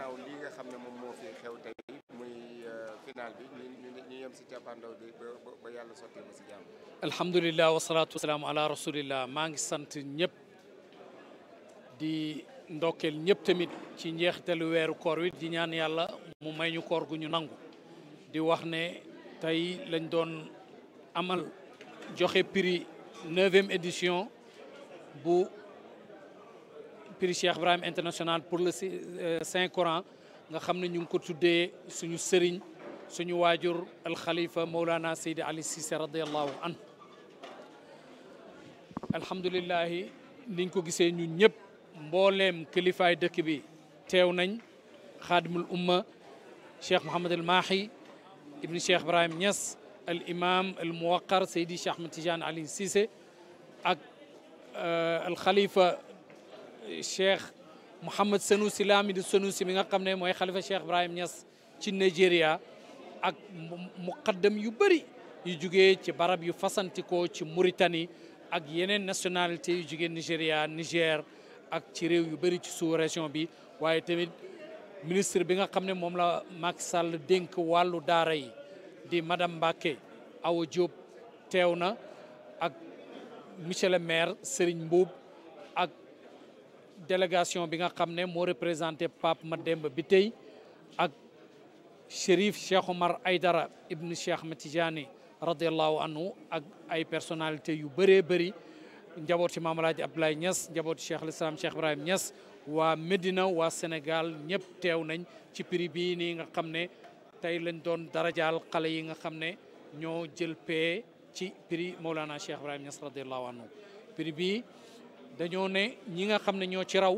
gannaaw lii nga xam ne moom moo fi xew tey muy euh, final bi yàlla sottee ba si jàmm. alhamdulilah wasalaatu maa ngi sant ñëpp di ndokkeel ñëpp tamit ci njeexitalu weeru koor wi di ñaan yàlla mu may ñu koor gu ñu nangu di wax ne lañ doon amal joxe prix neuvième édition bu. prix Cheikh Ibrahim international pour le Saint Coran nga xamne ñu ko tuddé suñu sëriñ suñu wajur al khalifa Mawlana Seydi Ali Cissé radiallahu an alhamdulilahi niñ ko gisé ñun ñëpp mbooleem kilifaay dëkk bi téw nañ khadimul umma cheikh Mouhamad al Mahi ibn Cheikh Ibrahim Niass al imam al muwaqqar Seydi Cheikh Ahmed Tidiane Ali Cissé ak alxalifa cheikh Mouhamed Sanusi Lamidi Sanusi bi nga xam ne mooy xalifa cheikh Ibrahim Niass ci Nigeria ak muqaddam yu bëri yu jugee ci barab yu fasantikoo ci Mauritanie ak yeneen nationalité yu jugee Nigéria Niger ak ci réew yu bëri ci sous région bi waaye tamit ministre bi nga xam ne moom la Macky Sall dénk wàllu daara yi di madame Mbacke Awa Diop teew na ak monsieur le maire sëriñ Mboub délégation bi nga xam ne moo représenté Pape bi tey ak Chérif Cheikh Omar Aydara ibn Cheikh Matijani radiallahu anhu ak ay personnalité yu bëree bëri njaboot ci Maam Alaaji Abdoulaye Niass njaboot ci Cheikh l'Islam Cheikh Ibrahim Niass waa Médina waa Sénégal ñëpp teew nañ ci prix bii nii nga xam ne tey lañ doon darajaal xale yi nga xam ne ñoo jël pee ci prix Mawlana Cheikh Ibrahim Niass radiallahu anhu prix bii dañoo ne ñi nga xam ne ñoo ci raw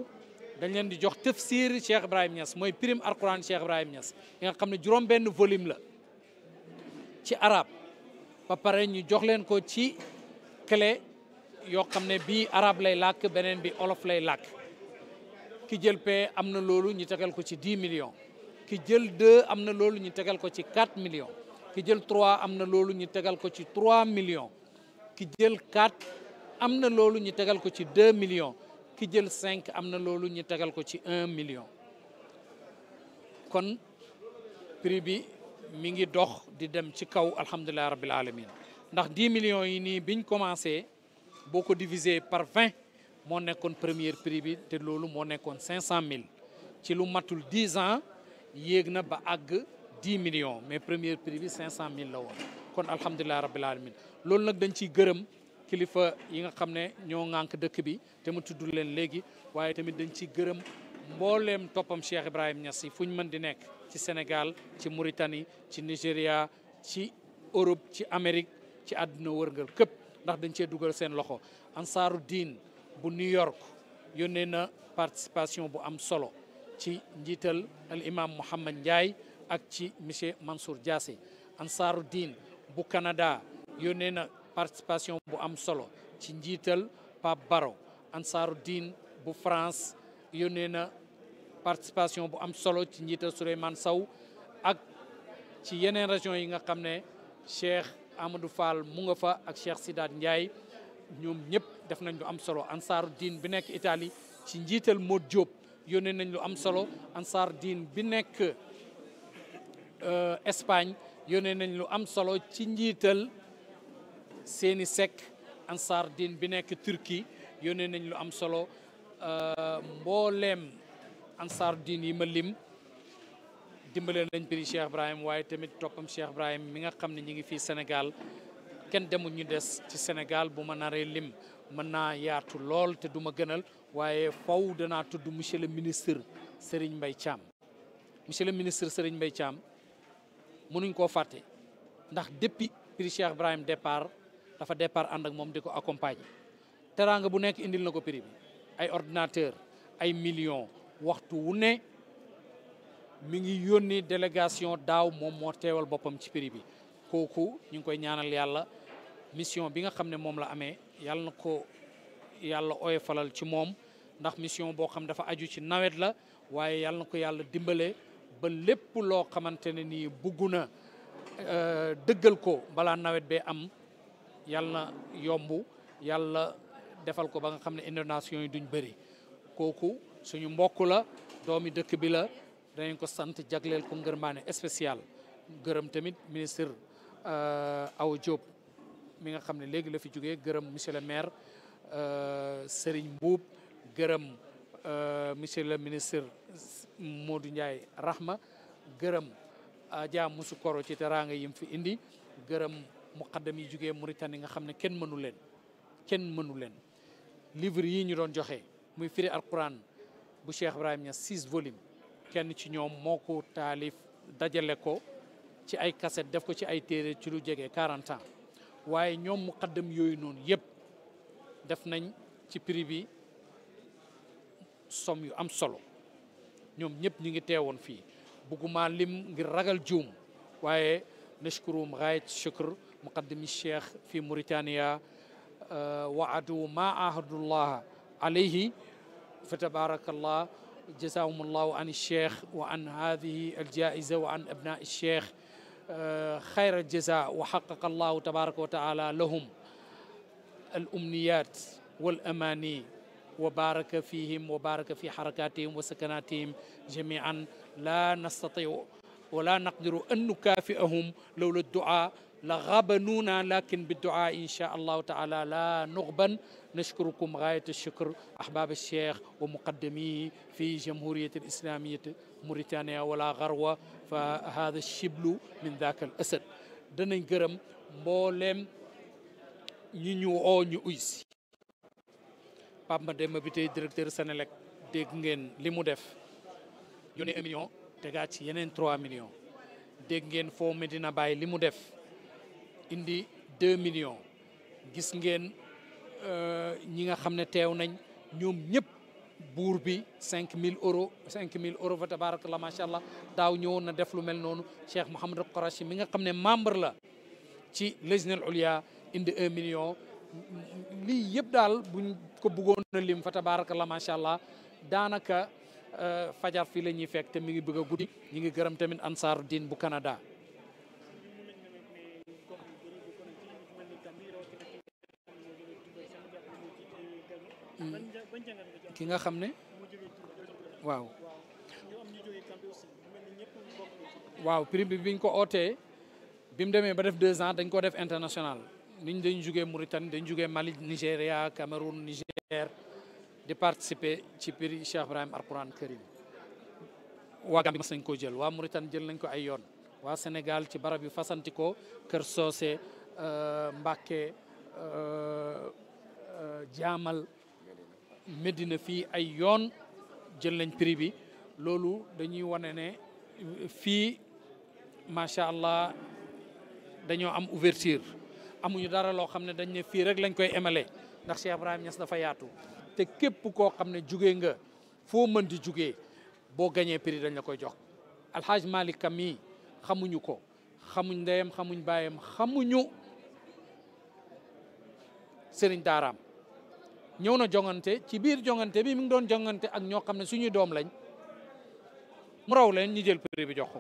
dañ leen di jox tafsir Cheikh Ibrahim Niass mooy prime alquran Cheikh Ibrahim ñas yi nga xam ne juróom-benn volume la ci arab ba pare ñu jox leen ko ci kle yoo xam ne bii arab lay làkk beneen bi olof lay làkk ki jël pee am na loolu ñu tegal ko ci 10 millions ki jël 2 am na loolu ñu tegal ko ci 4 millions ki jël 3 am na loolu ñu tegal ko ci 3 millions amna lolu ñu tégal ko ci 2 millions ki jël 5 amna lolu ñu tégal ko ci 1 million kon prix bi mi ngi dox di dem 10 millions yi ni biñ commencé boko divisé par 20 mo nekkon premier prix bi té lolu mo 500000 ci lu matul 10 ans yegna ba ag 10 millions mais premier prix bi 500000 la won kon alhamdullilah rabbil alamin lolu nak dañ ci gëreum kilifa yi nga xam ne ñoo ŋànk dëkk bi te mu tudd leen léegi waaye tamit dañ ci gërëm mbooleem toppam Cheikh Ibrahim Niass yi fu ñu mën di nekk ci Sénégal ci Mauritanie ci Nigéria ci Europe ci Amérique ci àdduna wërngal këpp ndax dañ cee dugal seen loxo ansaaru diin bu New York yónnee na participation bu am solo ci njiital al imam Mouhamad njaay ak ci monsieur Mansour Diassé ansaaru diin bu Canada yónnee na participation bu am solo ci njital Pape Baro ansaruddin bu France yónnee participation bu am solo ci njital souleyman saw ak ci yenen région yi nga xam Cheikh Amadou Fall mu nga fa ak Cheikh Sidaat Ndiaye ñoom ñep def nañ lu am solo ansaruddin bi nek Italie ci njital Modou Diop yónnee nañ lu am solo ansaruddin bi nek euh Espagne yónnee nañ lu am solo ci njital seeni sek ansar din bi nekk Turquie yónnee nañ lu am solo euh, mbooleem ansar din yi ma lim dimbalee nañ prix Cheikh Ibrahim waaye tamit toppam Cheikh Ibrahim mi nga xam ne ñu ngi fii senegal kenn demul ñu des ci Sénégal bu ma naree lim mën naa yaatu lool te duma gënal waaye faw danaa tudd monsieur le ministre Serigne Mbaye Thiam monsieur ministre Serigne Mbaye Thiam mënuñ koo fàtte ndax depuis prix Cheikh Ibrahim départ dafa départ ànd ak moom di ko accompagner teraanga bu nekk indil na ko prix bi ay ordinateur ay million waxtu wu ne mu ngi yónni délégation daaw moom moo teewal boppam ci prix bi kooku ñu ngi koy ñaanal yàlla mission bi nga xam ne moom la amee yàlla na ko yàlla ooye falal ci moom ndax mission boo xam dafa aju ci nawet la waaye yàlla ko yàlla dimbale ba lépp loo xamante nii bugg na euh, dëggal ko balaa nawet bee am yal na yomb yàlla defal ko ba nga xam ne inondation yi duñ bëri kooku suñu mbokk la doomi dëkk bi la danañ ko sant jagleel ko ngërmaane spécial gërëm tamit ministre euh, Awa Diop mi nga xam ne léegi la fi jógee gërëm monsieur le maire euh, Serigne Mbuub gërëm euh, monsieur le ministre Modou Ndiaye Rahma gërëm Adja Musu Koro ci teraanga yim fi indi gërëm muqaddam yi jugee Mauritanie nga xam ne kenn mënu leen kenn mënu leen livre yi ñu doon joxe muy firi alquran bu Cheikh Ibrahim Niass six volumes kenn ci ñoom moo ko taalif dajale ko ci ay cassette def ko ci ay téere ci lu jege 40 ans waaye ñoom muqaddam yooyu noonu yëpp def nañ ci prix bi somme yu am solo ñoom ñëpp ñu ngi teewoon fii bëgguma lim ngir ragal juum waaye nashkurum gaayat shukr مقدم الشيخ في موريتانيا آه، وعدوا ما عهد الله عليه فتبارك الله جزاهم الله عن الشيخ وعن هذه الجائزة وعن أبناء الشيخ آه، خير الجزاء وحقق الله تبارك وتعالى لهم الأمنيات والأماني وبارك فيهم وبارك في حركاتهم وسكناتهم جميعا لا نستطيع ولا نقدر أن نكافئهم لولا الدعاء لغبنونا لكن بالدعاء إن شاء الله تعالى لا نغبن نشكركم غاية الشكر أحباب الشيخ ومقدميه في جمهورية الإسلامية موريتانيا ولا غروة فهذا الشبل من ذاك الأسد دنا gërëm مولم ñi أو oo ñu uy si Pape Mademba bi tey directeur Senelec tegaat ci yeneen 3 millions dégg ngeen foo Medina Baye li mu def indi 2 millions gis ngeen euh, ñi nga xam ne teew nañ ñoom ñëpp buur bi 5000 euros 5000 euros fa tabarak la macha allah daaw ñëwoon na def lu mel noonu Cheikh Mouhamadou Korachi mi nga xam ne membre la ci lajnal ulia indi 1 million lii yëpp daal buñ ko bëggoon lim fa tabarak la macha allah daanaka. Eh, fajar fi lañuy fekk te mi ngi bëgg a guddi ñu ngi gërëm tamit ansar diin bu Canada. Hmm. ki nga xam ne waaw. waaw prix bi biñ ko ootee bi mu demee ba def deux ans dañ ko def international niñ dañ jugee Mauritanie dañ jugee Mali Nigeria, Cameroun Niger. di participer ci prix Cheikh Ibrahim Alquran Karim waa Gambie mas nañ koo jël waa Mauritanie jël nañ ko ay yoon waa Sénégal ci barab yu fasantikoo Kër Soose euh, Mbàkke euh, jaamal euh, Medina fii ay yoon jël nañ prix bi loolu dañuy wane ne fii macha allah dañoo am ouverture amuñu dara loo xam ne dañ ne fii rek lañ koy émale ndax Cheikh Ibrahim Niass dafa yaatu te képp koo xam ne jugee nga foo mën di jugee boo gañee prix dañ la koy jox alxaaj Malick Ka mii xamuñu ko xamuñ ndeyam xamuñ baayam xamuñu sëriñ daaraam ñëw na jongante ci biir jongante bi mi ngi doon jongante ak ñoo xam ne suñuy doom lañ mu raw leen ñu jël prix bi jox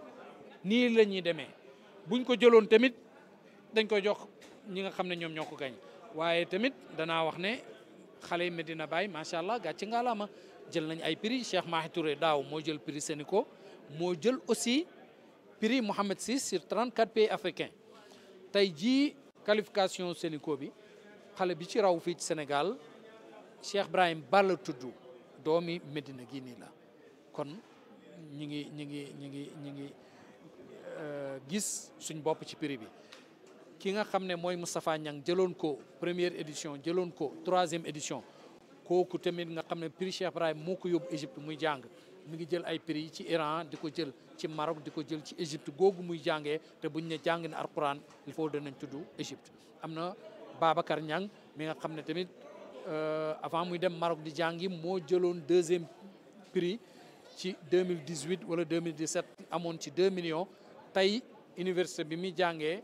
nii la ñuy demee buñ ko jëloon tamit dañ koy jox ñi nga xam ne ñoom ñoo ko gañ waaye tamit danaa wax ne xale yi Medina Baye macha allah gàcce ngaalaama jël nañu ay prix Cheikh Mahi Touré daaw moo jël prix Sénico moo jël aussi prix Mohamed VI sur 34 pays africains tey jii qualification Sénico bi xale bi ci raw fii ci Sénégal Cheikh Ibrahim Balla tudd doomi Medina gii nii la kon ñu ngi ñu ngi ñi ngi ñi ngi euh, gis suñ bopp ci prix bi ki nga xam ne mooy Moustapha Niang jëloon ko première édition jëloon ko troisième édition kooku tamit nga xam ne prix Cheikh Ibrahim moo ko yóbbu Égypte muy jàng mi ngi jël ay prix yi ci Iran di ko jël ci Maroc di ko jël ci Égypte googu muy jàngee te buñ ne jàng na alquran il faut nañ tuddu Égypte am na Babacar Niang mi nga xam ne tamit euh, avant muy dem Maroc di jàngi moo jëloon deuxième prix ci 2018 wala 2017 amoon ci 2 millions tey université bi muy jàngee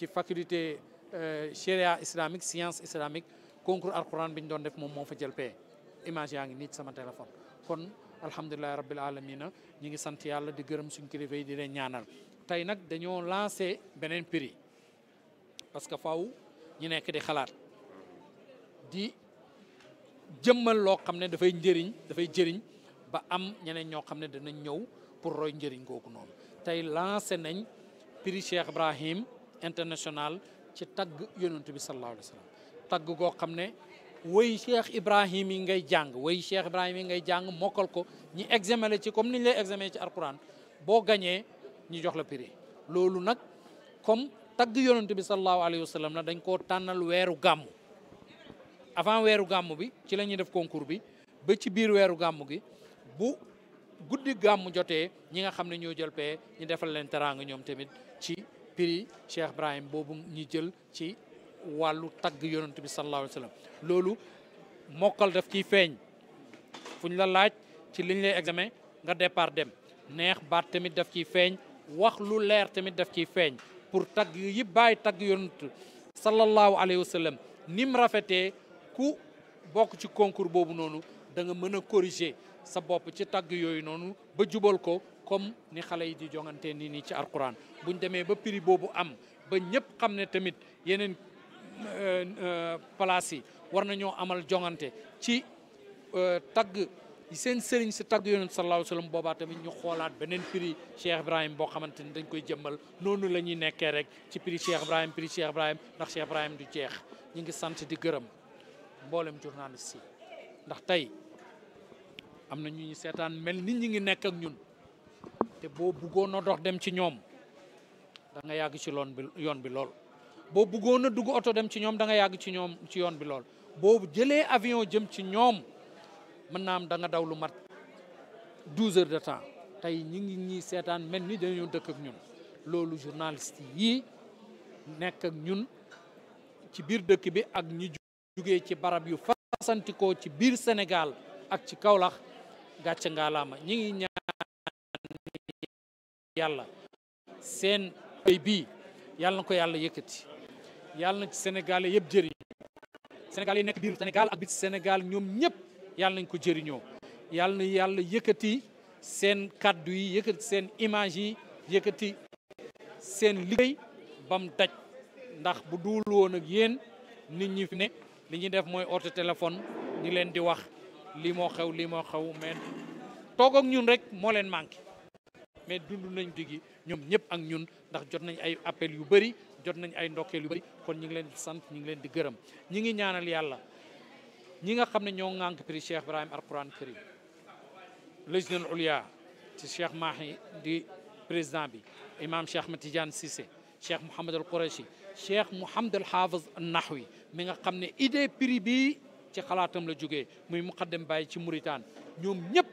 ci faculté euh, sharia islamique science islamique concours alquran biñ doon def mom mo fa jël pee image ngi sama téléphone kon alhamdullilah rabbil alamin. ñi ngi sant yalla di gërëm suñu kilifa yi di leen ñaanal tay nak dañoo lancer benen prix parce que faaw ñi nekk di xalaat di jëmmal loo xam ne dafay njëriñ fay jëriñ ba am ñeneen ñoo xamne ne danañ ñëw pour roy njëriñ googu non tay lancer nañ prix Cheikh Ibrahim international ci tagg yonent bi sallallahu alayhi wa tagg goo xam ne woy Cheikh Ibrahim yi ngay jàng woy Cheikh Ibrahim yi ngay jàng mokkal ko ñi examen la ci comme ni ñu lay examen ci alquran boo gañee ñu jox la piri loolu nag comme tagg yonent bi sallallahu alayhi wa sallam la dañ ko tànnal weeru gàmm avant weeru gàmm bi ci la def concours bi ba ci biir weeru gàmm gi bu guddi gàmmu jotee ñi nga xam ne ñoo jël pee ñu defal leen teraanga ñoom tamit ci prix Cheikh Ibrahim boobu ñu jël ci wàllu tagg yonent bi sallallahu alayhi wa loolu mokkal def ciy feeñ fu ñu la laaj ci liñ lay examen nga départ dem neex baat tamit daf ciy feeñ wax lu leer tamit daf ciy feeñ pour tagg yi bàyyi tagg yonent sallallahu alayhi wa sallam ni rafetee ku bokk ci concours boobu noonu da nga mën sa bopp ci tagg yooyu noonu ba jubal ko comme ni xalé yi di jongante ni ni ci alquran buñ démé ba prix bobu am ba ñëpp xamné ne yenen euh, euh place yi war nañu amal jongante ci euh, tagg seen sëriñ si tag yoonu sallallahu alayhi wasallam boba tamit ñu xolaat benen prix cheikh ibrahim bo xamanteni dañ koy jëmmal nonu lañuy nekké rek ci prix cheikh ibrahim prix cheikh ibrahim ndax cheikh ibrahim du cheikh ñi ngi sante di gërëm mboolem journaliste ndax tay am ñu ñi sétane mel ni ñi ngi nekk ak ñun te boo bëggoon a dox dem ci ñoom da nga yàgg ci loon bi yoon bi lool boo bëggoon a dugg oto dem ci ñoom da nga yàgg ci ñoom ci yoon bi lool boo jëlee avion jëm ci ñoom mën naa am da daw lu mat douze heures de temps tey ñi ngi ñi seetaan mel ni dañoo dëkk ak ñun loolu journaliste yii nekk ak ñun ci biir dëkk bi ak ñi jugee ci barab yu fasantikoo ci biir Sénégal ak ci Kaolack gàcce ngaalaama ñi ngi yàlla seen béy bii yàlla na ko yàlla yëkkati yàlla na ci Sénégal yëpp jëriñu yi nekk biir Sénégal ak biir Sénégal ñoom ñëpp yàlla nañ ko jëriñoo yàlla na yàlla yëkkati seen kàddu yi yëkkati seen image yi yëkkati seen liggéey bam daj ndax bu duul woon ak yéen nit ñi fi ne li ñuy def mooy oote téléphone ñu leen di wax lii moo xew lii xew mais ñun rek moo leen manqué mais dund nañ digi ñoom ñëpp ak ñun ndax jot nañ ay appel yu bëri jot nañ ay ndokeel yu bëri kon ñu ngi leen di sant ñu ngi leen di gërëm ñi ngi ñaanal yàlla ñi nga xam ne ñoo ŋànk prix Cheikh Ibrahim Alquran Karim lajnal ulia ci Cheikh Mahi di président bi imam Cheikh Ahmed Tidiane Cissé Cheikh Mouhamed al Qurashi Cheikh Mouhamed al Hafiz Nahwi mi nga xam ne idée prix bi ci xalaatam la jógee muy muqaddam bàyyi ci Mauritanie ñoom ñëpp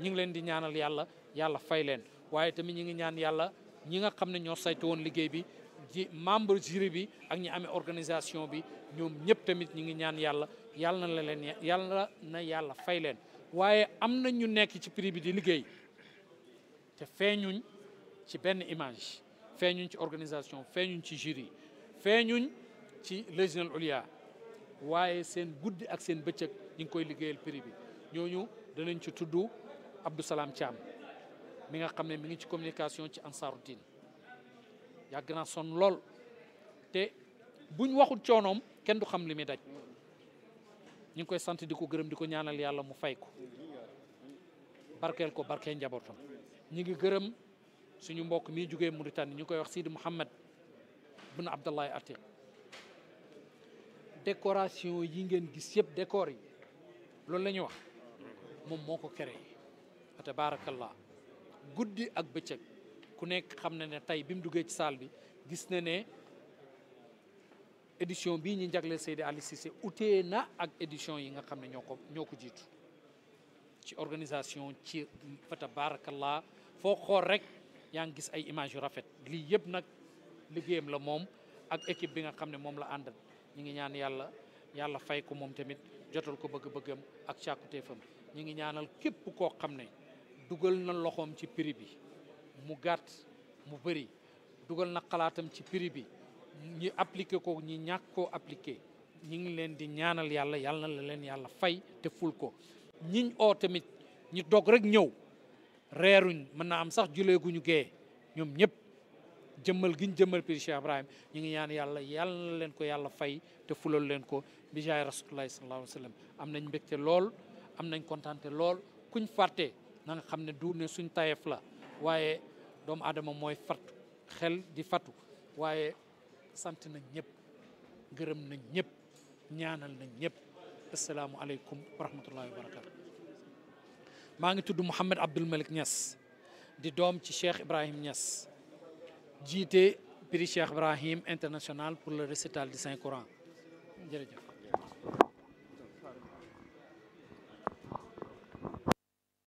ñu ngi leen di ñaanal yàlla yàlla fay leen waaye tamit ñi ngi ñaan yàlla ñi nga xam ne ñoo saytu woon liggéey bi ji membre jury bi ak ñi amee organisation bi ñoom ñëpp tamit ñi ngi ñaan yàlla yàlla na leen yàlla na yàlla fay leen waaye am na ñu nekk ci prix bi di liggéey te feeñuñ ci benn image feeñuñ ci organisation feeñuñ ci jury feeñuñ ci légional ulia waaye seen guddi ak seen bëccëg ñu ngi koy liggéeyal prix bi ñooñu danañ ci tudd Abdou Salam Thiam mi nga xam ne mi ngi ci communication ci ansaaru diin yàgg naa sonn lool te buñ waxul coonoom kenn du xam li muy daj ñu ngi koy sant di ko gërëm di ko ñaanal yàlla mu fay ko barkeel ko barkeel njabootam ñu ngi gërëm suñu mbokk mi jugee Mauritanie ñu koy wax Sidi Mouhamed bin Abdallahi Atiq décoration yi ngeen gis yëpp décor yi loolu la ñuy wax moom moo ko créé fa tabarakallah guddi ak bëccëg ku nekk xam na ne tey bi mu duggee ci salle bi gis na ne édition bii ñu jagleel Seydi Ali Cissé utee na ak édition yi nga xam ne ñoo ko ñoo ko jiitu ci organisation ci fa tabarakallah foo xool rek yaa ngi gis ay images yu rafet lii yëpp nag liggéeyam la moom ak équipe bi nga xam ne moom la àndal ñu ngi ñaan yàlla yàlla fay ko moom tamit jotal ko bëgg-bëggam ak càkkutéefam ñu ngi ñaanal képp koo xam ne dugal na loxoom ci prix bi mu gàtt mu bëri dugal na xalaatam ci prix bi ñu appliqué ko ñi ñàkk koo appliqué ñi ngi leen di ñaanal yàlla yàlla na la leen yàlla fay te ful ko ñiñ oo tamit ñi dog rek ñëw reeruñ mën na am sax juleeguñu gee ñoom ñëpp jëmmal giñ jëmmal prix Cheikh Ibrahim ñu ngi ñaan yàlla yàlla na leen ko yàlla fay te fulal leen ko bi jaay rasulullahi sallallahu alayhi wa sallam am nañ lool am nañ kontaante lool kuñ fàtte nanga xam ne du ne suñ tayeef la waaye doomu aadama mooy fattu xel di fattu waaye sant na ñëpp gërëm na ñëpp ñaanal na ñëpp asalaamualeykum aleykum rahmatullahi wa barakatu maa ngi tudd Mouhamed Abdoul Malick ñas di doom ci Cheikh Ibrahim ñas jiite prix Cheikh Ibrahim international pour le récital du Saint Coran